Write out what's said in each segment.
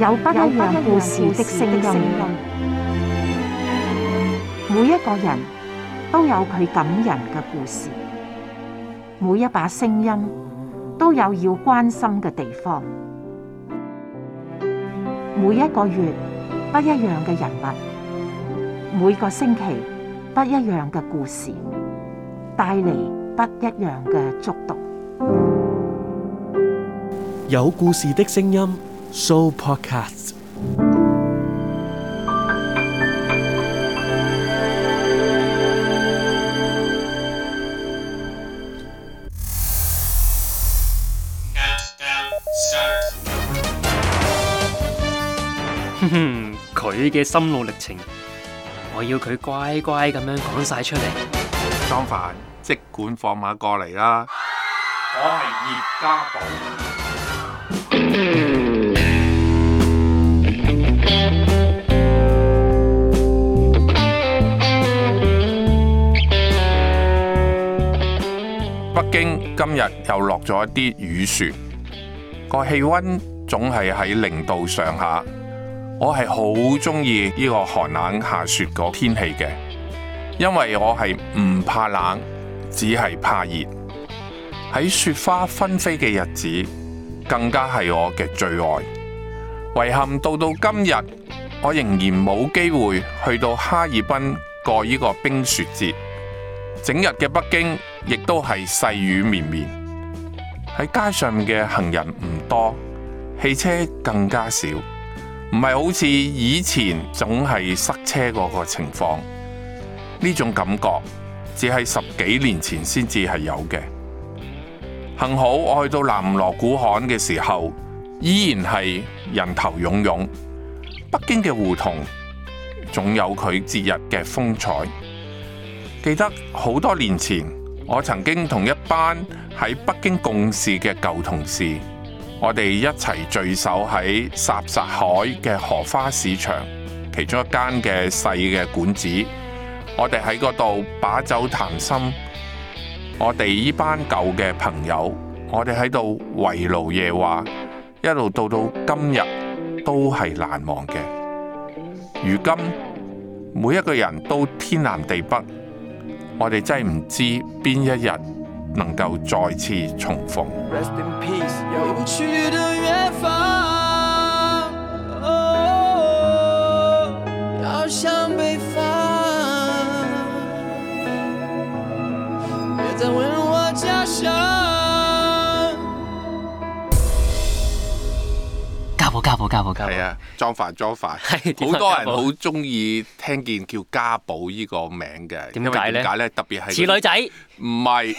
有不一樣故事的聲音，每一個人都有佢感人嘅故事，每一把聲音都有要關心嘅地方，每一個月不一樣嘅人物，每個星期不一樣嘅故事，帶嚟不一樣嘅觸動。有故事的聲音。So Show podcast。哼哼，佢嘅心路歷程，我要佢乖乖咁樣講晒出嚟。莊凡，即管放馬過嚟啦！我係葉家寶。 北京今日又落咗一啲雨雪，個氣溫總係喺零度上下。我係好鍾意呢個寒冷下雪個天氣嘅，因為我係唔怕冷，只係怕熱。喺雪花紛飛嘅日子，更加係我嘅最愛。遺憾到到今日，我仍然冇機會去到哈爾濱過呢個冰雪節。整日嘅北京。亦都係細雨綿綿，喺街上嘅行人唔多，汽車更加少，唔係好似以前總係塞車嗰個情況。呢種感覺只係十幾年前先至係有嘅。幸好我去到南鑼鼓巷嘅時候，依然係人頭湧湧，北京嘅胡同總有佢節日嘅風采。記得好多年前，我曾經同一班喺北京共事嘅舊同事，我哋一齊聚首喺什剎海嘅荷花市場其中一間嘅細嘅館子，我哋喺嗰度把酒談心。我哋依班舊嘅朋友，我哋喺度圍爐夜話，一路到到今日都係難忘嘅。如今每一個人都天南地北。我哋真係唔知邊一日能夠再次重逢。 家寶家寶家寶家寶。係啊，裝飯裝飯，係，好 多人好中意聽見叫家寶呢個名嘅，點解咧？點解咧？特別係、那個，似女仔，唔係。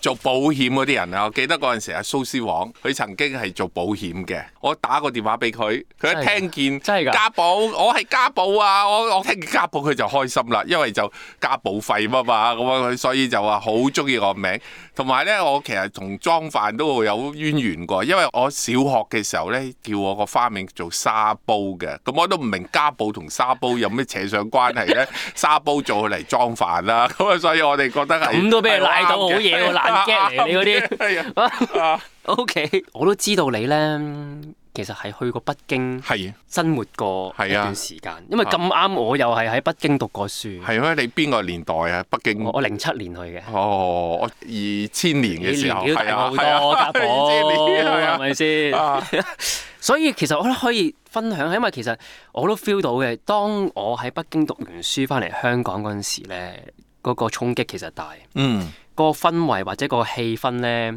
做保險嗰啲人啊，我記得嗰陣時阿蘇思王，佢曾經係做保險嘅。我打個電話俾佢，佢一聽見真係㗎，家寶，我係家寶啊，我我聽見家寶佢就開心啦，因為就加保費嘛嘛咁樣佢，所以就話好中意我名。同埋咧，我其實同裝飯都會有淵源過，因為我小學嘅時候咧，叫我個花名做沙煲嘅。咁我都唔明家寶同沙煲有咩扯上關係咧？沙煲做佢嚟裝飯啦，咁啊，所以我哋覺得咁都俾人賴到好嘢眼鏡嚟，你嗰啲。OK，我都知道你咧，其實係去過北京，係啊，生活過一段時間。啊、因為咁啱，我又係喺北京讀過書。係啊，你邊個年代啊？北京？我零七年去嘅。哦，我二千年嘅時候係咪先？所以其實我都可以分享，因為其實我都 feel 到嘅。當我喺北京讀完書翻嚟香港嗰陣時咧。嗰個衝擊其實大，嗯，個氛圍或者個氣氛咧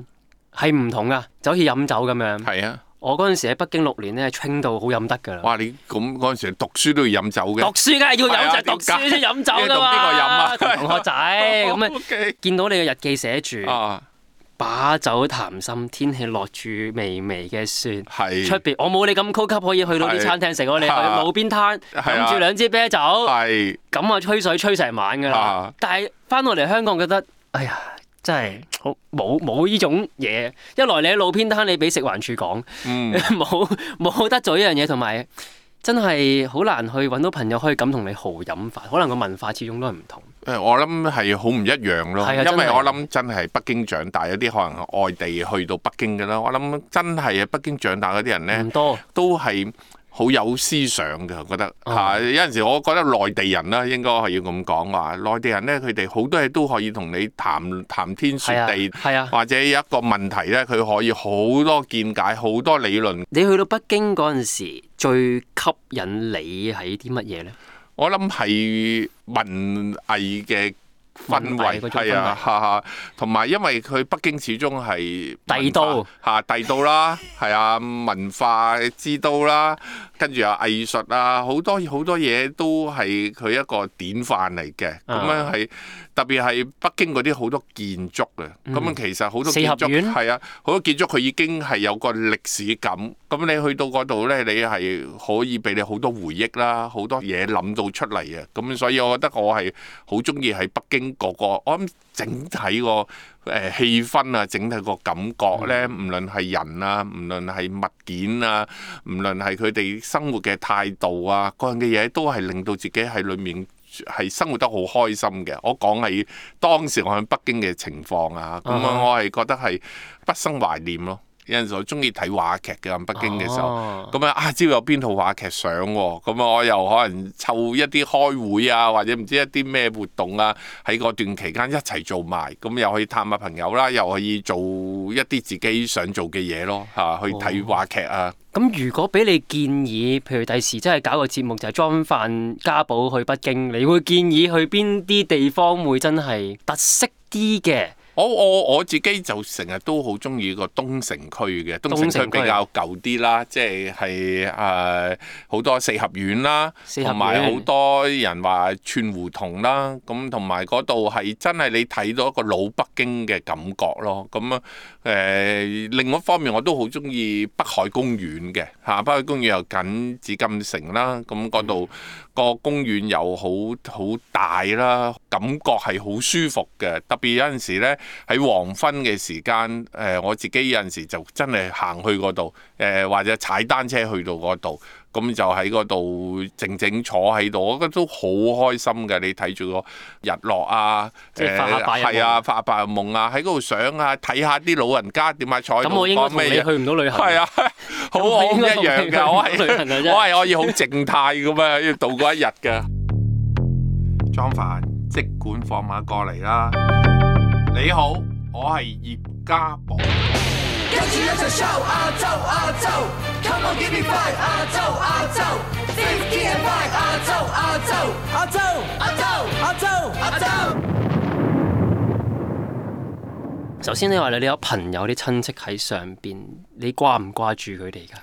係唔同噶，就好似飲酒咁樣。係啊，我嗰陣時喺北京六年咧 train 到好飲得噶啦。哇！你咁嗰陣時讀書都要飲酒嘅，讀書梗係要飲就、啊、讀書先飲酒噶嘛。邊個飲啊？同，同學仔咁樣， 見到你嘅日記寫住。 Okay. 啊把酒談心，天氣落住微微嘅雪，出邊是我冇你咁高級，可以去到啲餐廳食。我哋是去路邊攤飲住、啊、兩支啤酒，咁啊吹水吹成晚㗎啦。啊、但係翻到嚟香港，覺得哎呀真係好冇冇呢種嘢。一來你喺路邊攤，你俾食環署講，冇冇、嗯、 得做呢樣嘢，同埋。真係好難去揾到朋友可以咁同你豪飲飯，可能個文化始終都係唔同。誒，我諗係好唔一樣咯，因為我諗真係北京長大，有啲可能外地去到北京嘅啦，我諗真係北京長大嗰啲人呢，唔多都係。好有思想嘅，我覺得係、哦啊、有陣時，我覺得內地人啦，應該係要咁講話，內地人咧，佢哋好多嘢都可以同你談談天說地，係啊、係啊、或者有一個問題咧，佢可以好多見解、好多理論。你去到北京嗰陣時，最吸引你係啲乜嘢呢？我諗係文藝嘅。氛圍係啊，哈哈、啊，同埋因為佢北京始終係帝都嚇、啊，帝都啦，係 啊，文化之都啦。跟住有藝術啊，好多好多嘢都係佢一個典範嚟嘅。咁、嗯、樣係特別係北京嗰啲好多建築啊。咁樣、嗯、其實好多建築係啊，好多建築佢已經係有個歷史感。咁你去到嗰度呢，你係可以俾你好多回憶啦、啊，好多嘢諗到出嚟啊。咁所以我覺得我係好中意喺北京個、嗰個，我諗整體個誒、呃、氣氛啊，整體個感覺呢，唔、嗯、論係人啊，唔論係物件啊，唔論係佢哋。生活嘅態度啊，各樣嘅嘢都係令到自己喺裡面係生活得好開心嘅。我講起當時我喺北京嘅情況啊，咁樣我係覺得係不生懷念咯。有陣時我中意睇話劇嘅，喺北京嘅時候，咁啊，啊，知道有邊套話劇上、啊，咁啊我又可能湊一啲開會啊，或者唔知一啲咩活動啊，喺個段期間一齊做埋，咁又可以探下朋友啦、啊，又可以做一啲自己想做嘅嘢咯，嚇、啊，去睇話劇啊。咁、哦、如果俾你建議，譬如第時真係搞個節目，就係裝飯家寶去北京，你會建議去邊啲地方會真係特色啲嘅？我我我自己就成日都好中意個東城區嘅，東城區比較舊啲啦，即係係誒好多四合院啦，同埋好多人話串胡同啦，咁同埋嗰度係真係你睇到一個老北京嘅感覺咯。咁啊誒，另外一方面我都好中意北海公園嘅嚇，北海公園又近紫禁城啦，咁嗰度個公園又好好大啦，感覺係好舒服嘅，特別有陣時咧。喺黃昏嘅時間，誒我自己有陣時就真係行去嗰度，誒或者踩單車去到嗰度，咁就喺嗰度靜靜坐喺度，我覺得都好開心嘅。你睇住個日落啊，誒係啊，啊，發白日夢啊，喺嗰度想啊，睇下啲老人家點解坐喺度啊咩嘢，嗯、去唔到旅行係啊，好唔一樣㗎，我係我係可以好靜態㗎嘛，要度過一日㗎。莊凡，即管放馬過嚟啦！你好，我係葉家寶。跟住一齊 show 亞洲亞洲，Come on give me five 亞洲亞洲 Fifty and five 亞洲亞洲亞洲亞洲亞洲。首先，你話你你有朋友啲親戚喺上邊，你掛唔掛住佢哋噶？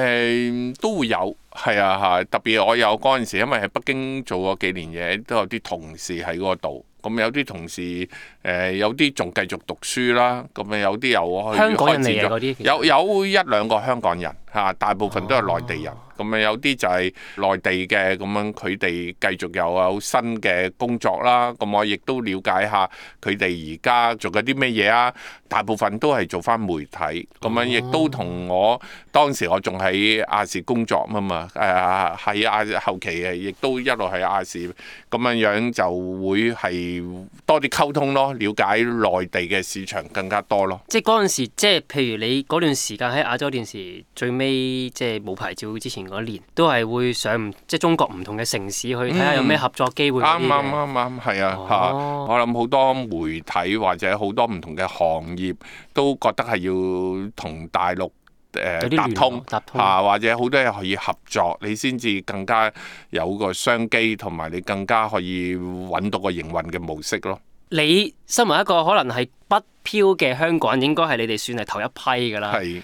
誒、欸，都會有係啊吓，特別我有嗰陣時，因為喺北京做過幾年嘢，都有啲同事喺嗰度。咁有啲同事。誒有啲仲繼續讀書啦，咁啊有啲又去發展咗，香港人嚟嘅？有有一兩個香港人嚇，大部分都係內地人。咁啊有啲就係內地嘅，咁樣佢哋繼續又有新嘅工作啦。咁我亦都了解下佢哋而家做緊啲咩嘢啊？大部分都係、哦、做翻、啊、媒體，咁樣亦都同我、哦、當時我仲喺亞視工作啊嘛。誒係亞後期亦都一路喺亞視咁樣樣就會係多啲溝通咯。了解內地嘅市場更加多咯，即係嗰陣時，即係譬如你嗰段時間喺亞洲電視最尾，即係冇牌照之前嗰年，都係會上唔即係中國唔同嘅城市去睇下有咩合作機會。啱啱啱啱係啊！嚇、哦，我諗好多媒體或者好多唔同嘅行業都覺得係要同大陸誒搭、呃、通嚇、嗯嗯嗯，或者好多嘢可以合作，你先至更加有個商機，同埋你更加可以揾到個營運嘅模式咯。你身為一個可能係北漂嘅香港人，應該係你哋算係頭一批㗎啦。係，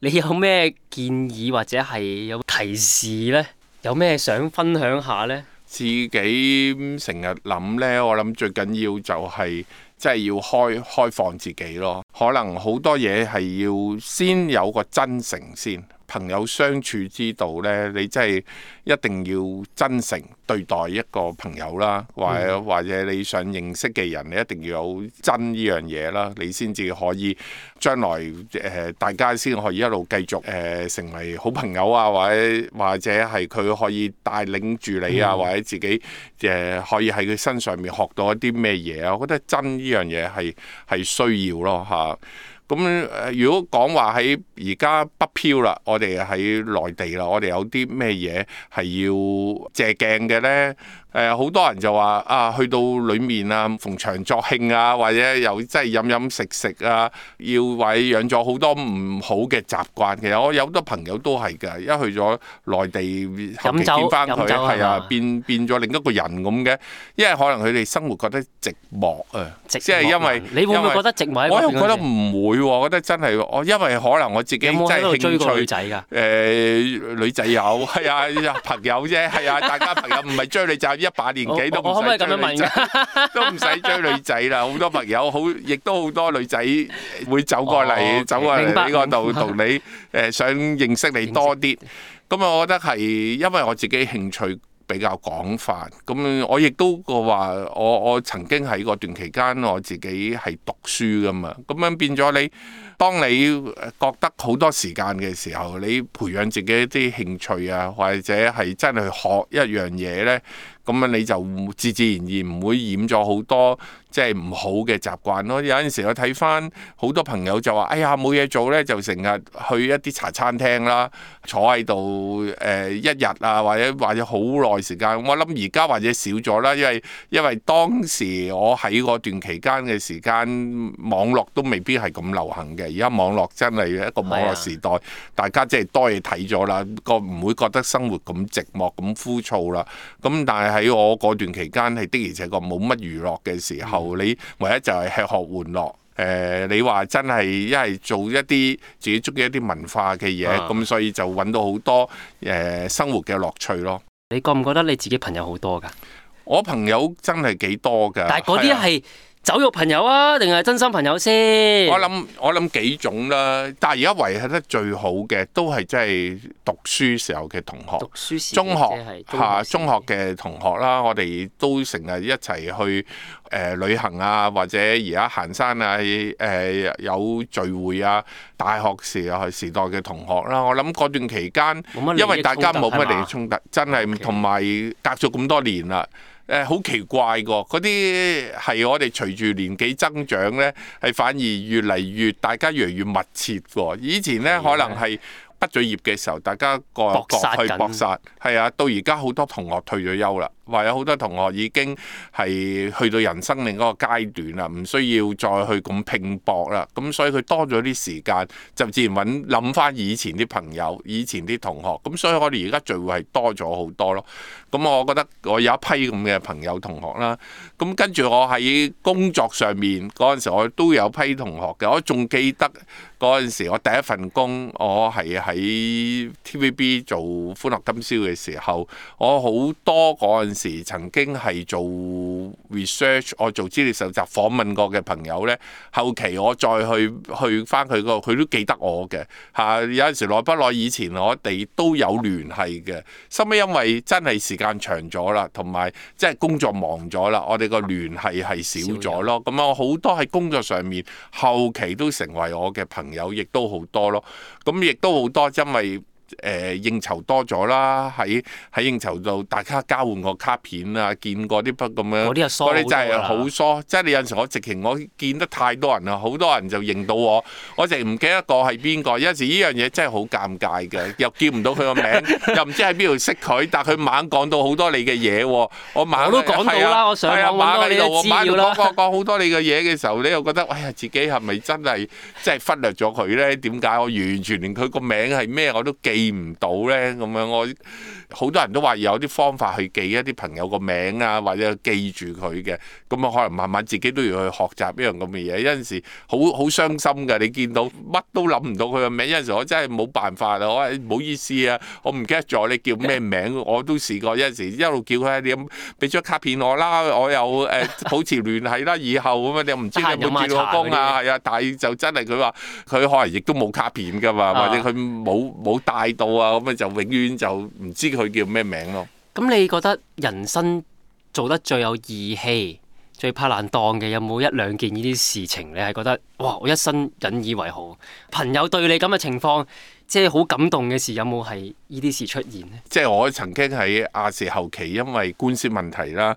你有咩建議或者係有提示呢？有咩想分享下呢？自己成日諗呢，我諗最緊要就係即係要開開放自己咯。可能好多嘢係要先有個真誠先。朋友相處之道呢，你真係一定要真誠對待一個朋友啦，或者或者你想認識嘅人，你一定要有真呢樣嘢啦，你先至可以將來誒、呃、大家先可以一路繼續誒、呃、成為好朋友啊，或者或者係佢可以帶領住你啊，或者自己誒、呃、可以喺佢身上面學到一啲咩嘢啊，我覺得真呢樣嘢係係需要咯嚇。咁誒，如果講話喺而家北漂啦，我哋喺內地啦，我哋有啲咩嘢係要借鏡嘅咧？誒好多人就話啊，去到裏面啊，逢場作興啊，或者又真係飲飲食食啊，要餵養咗好多唔好嘅習慣。其實我有好多朋友都係㗎，一去咗內地後面見翻佢，係啊，嗯、啊，變變咗另一個人咁嘅。因為可能佢哋生活覺得寂寞啊，即係因為你會唔會覺得寂寞？我又覺得唔會，啊，喎，覺得真係，我因為可能我自己真係興趣。追女仔㗎？誒、呃、女仔有，係啊 朋友啫，係啊大家朋友唔係追你就一把年紀都唔不可以咁樣問 追女仔，都唔使追女仔啦。好多朋友好，亦都好多女仔會走過嚟，哦、走過嚟呢個度同你誒想認識你多啲。咁啊白，我覺得係因為我自己興趣比較廣泛。咁我亦都話，我我曾經喺個段期間，我自己係讀書㗎嘛。咁樣變咗你。當你覺得好多時間嘅時候，你培養自己一啲興趣啊，或者係真係學一樣嘢咧，咁樣你就自自然然唔會染咗、就是、好多即係唔好嘅習慣咯。有陣時我睇翻，好多朋友就話，哎呀冇嘢做咧，就成日去一啲茶餐廳啦，坐喺度誒一日啊，或者或者好耐時間。我諗而家或者少咗啦，因為因為當時我喺嗰段期間嘅時間，網絡都未必係咁流行嘅。而家網絡真係一個網絡時代，啊、大家即係多嘢睇咗啦，個唔會覺得生活咁寂寞，咁枯燥啦。咁但係喺我嗰段期間係的而且確冇乜娛樂嘅時候，嗯、你唯一就係吃喝玩樂。誒、呃，你話真係一係做一啲自己鍾意一啲文化嘅嘢，咁、嗯、所以就揾到好多誒、呃、生活嘅樂趣咯。你覺唔覺得你自己朋友好多㗎？我朋友真係幾多㗎，但係嗰啲係，酒肉朋友啊，定係真心朋友先，啊？我諗，我諗幾種啦，但係而家維係得最好嘅都係真係讀書時候嘅同學，讀書時中學嚇、啊、中學嘅同學啦。我哋都成日一齊去、呃、旅行啊，或者而家行山啊，誒、呃、有聚會啊。大學時時代嘅同學啦，我諗嗰段期間，因為大家冇乜利益衝突，衝突嗎真係同埋 Okay. 隔咗咁多年啦。誒好奇怪個，嗰啲係我哋隨住年紀增長咧，係反而越嚟越大家越嚟越密切個。以前咧的可能係畢咗業嘅時候，大家各個去搏殺，係啊，到而家好多同學退咗休啦。話有好多同學已經係去到人生另一個階段啦，唔需要再去咁拼搏啦。咁所以佢多咗啲時間就自然揾諗翻以前啲朋友、以前啲同學，咁所以我哋而家聚會係多咗好多咯。咁我覺得我有一批咁嘅朋友同學啦。咁跟住我喺工作上面陣時我都有批同學嘅。我仲記得陣時我第一份工，我係，喺 TVB 做《歡樂今宵》嘅時候，我好多陣。時曾經係做 research，我做資料搜集訪問過嘅朋友呢，後期我再去去翻佢個，佢都記得我嘅嚇、啊。有陣時耐不耐以前，我哋都有聯繫嘅。後尾因為真係時間長咗啦，同埋即係工作忙咗啦，我哋個聯繫係少咗咯。咁啊人，好多喺工作上面後期都成為我嘅朋友，亦都好多咯。咁亦都好多，因為。誒、哎、應酬多咗啦，喺喺應酬度大家交換個卡片啊，見過啲筆咁樣，嗰啲就疏好多啦，嗰啲就係好疏，即係你有時我直情我見得太多人啦，好多人就認到我，我直唔記得個係邊個。有時呢樣嘢真係好尷尬嘅，又叫唔到佢個名， 又唔知喺邊度識佢，但佢猛講到好多你嘅嘢喎。我猛係 啊，係 啊，猛呢度我猛講好多你嘅嘢嘅時候你又覺得哎呀，自己係咪真係即係忽略咗佢咧？點解我完全連佢個名係咩我都記？記唔到咧，咁樣我，我好多人都話有啲方法去記一啲朋友個名啊，或者記住佢嘅，咁啊可能慢慢自己都要去學習一樣咁嘅嘢。有陣時好好傷心㗎，你見到乜都諗唔到佢個名。有陣時我真係冇辦法啦，我唔好意思啊，我唔記得咗你叫咩名， 我都試過。有陣時一路叫佢，你咁俾張卡片我啦，我又誒、呃、保持聯繫啦，以後咁樣，你唔知你佢叫何光啊，係啊，但係就真係佢話佢可能亦都冇卡片噶嘛，或者佢冇冇帶。睇到啊，咁咪就永遠就唔知佢叫咩名咯。咁你覺得人生做得最有義氣、最拍爛檔嘅，有冇一兩件呢啲事情？你係覺得哇，我一生引以為豪。朋友對你咁嘅情況，即係好感動嘅事，有冇係呢啲事出現咧？即係我曾經喺亞視後期，因為官司問題啦，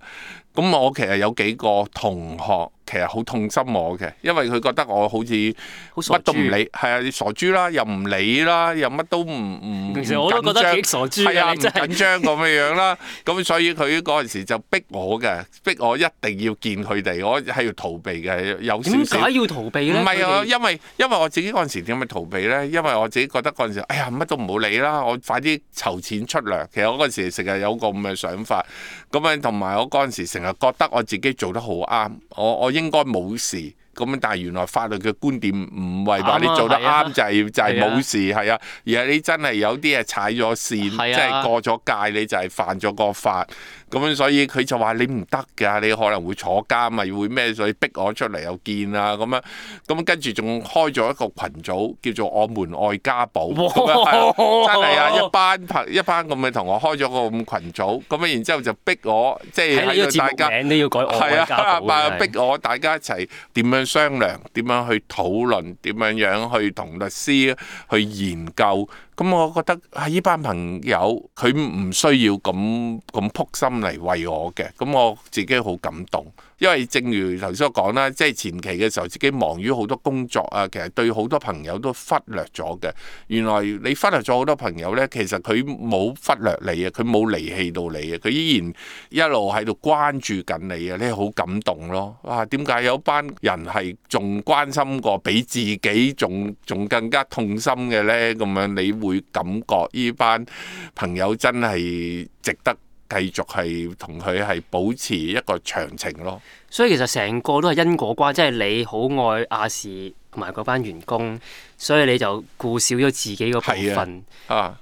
咁我其實有幾個同學。其實好痛心我嘅，因為佢覺得我好似乜都唔理，係啊，傻豬啦，又唔理啦，又乜都唔唔、嗯、其實我都覺得傻豬、緊張，係啊，唔緊張咁嘅樣啦。咁 所以佢嗰陣時就逼我嘅，逼我一定要見佢哋。我係要逃避嘅，有時點解要逃避咧？唔係啊，因為因為我自己嗰陣時點解逃避咧？因為我自己覺得嗰陣時，哎呀，乜都唔好理啦，我快啲籌錢出糧。其實我嗰時成日有個咁嘅想法。咁啊，同埋我嗰陣時成日覺得我自己做得好啱，我我，我，我，我，我，我應該冇事咁，但係原來法律嘅觀點唔係話你做得啱就係、係啊、就係、係、冇、就係、事，係啊，啊，而係你真係有啲嘢踩咗線，啊、即係過咗界，你就係犯咗個法。咁樣所以佢就話你唔得㗎，你可能會坐監，呀會咩？所以逼我出嚟又見啊咁樣。咁跟住仲開咗一個群組，叫做我們愛家寶。哇 樣係啊、真係啊，一班朋一班咁嘅同學開咗個咁羣組。咁樣然之後就逼我，即係喺度大家，你要改愛家寶。係啊，啊，逼我大家一齊點樣商量，點樣去討論，點樣樣去同律師去研究。咁、嗯、我覺得係呢班朋友，佢唔需要咁咁撲心嚟為我嘅，咁、嗯、我自己好感動。因為正如頭先我講啦，即係前期嘅時候，自己忙於好多工作啊，其實對好多朋友都忽略咗嘅。原來你忽略咗好多朋友呢，其實佢冇忽略你啊，佢冇離棄到你啊，佢依然一路喺度關注緊你啊，你好感動咯。哇，點解有班人係仲關心過，比自己仲仲更加痛心嘅呢？咁樣你會感覺呢班朋友真係值得。繼續係同佢係保持一個長情咯。所以其實成個都係因果關係，即係你好愛亞視同埋嗰班員工，所以你就顧少咗自己個部分。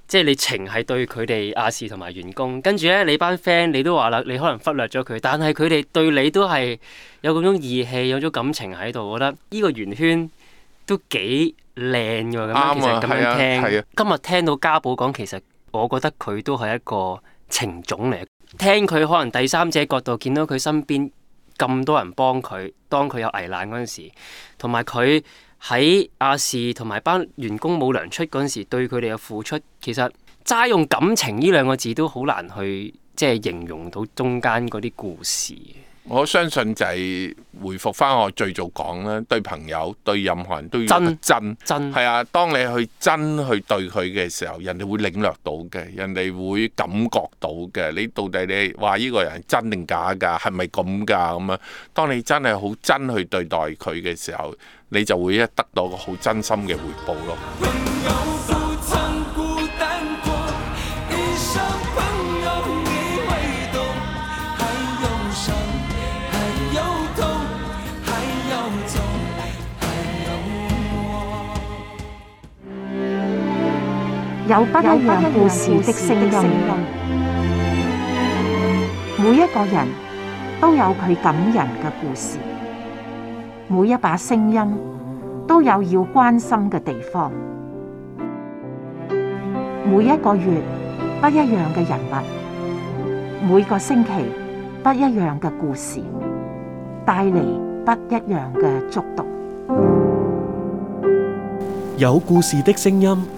即係的你情係對佢哋亞視同埋員工，跟住呢，你班 friend 你都話啦，你可能忽略咗佢，但係佢哋對你都係有嗰種義氣，有種感情喺度。我覺得呢個圓圈都幾靚㗎。啱啊，咁聽。今日聽到家寶講，其實我覺得佢都係一個。情種嚟，聽佢可能第三者角度見到佢身邊咁多人幫佢，當佢有危難嗰陣時，同埋佢喺亞視同埋班員工冇糧出嗰陣時，對佢哋嘅付出，其實齋用感情呢兩個字都好難去即係形容到中間嗰啲故事。我相信就係回覆翻我最早講啦，對朋友對任何人都要真真真係啊！當你去真去對佢嘅時候，人哋會領略到嘅，人哋會感覺到嘅。你到底你話呢個人真定假㗎？係咪咁㗎？咁啊！當你真係好真去對待佢嘅時候，你就會一得到一個好真心嘅回報咯。有不一樣故事的聲音，每一個人都有佢感人嘅故事，每一把聲音都有要關心嘅地方，每一個月不一樣嘅人物，每個星期不一樣嘅故事，帶嚟不一樣嘅觸動。有故事的聲音。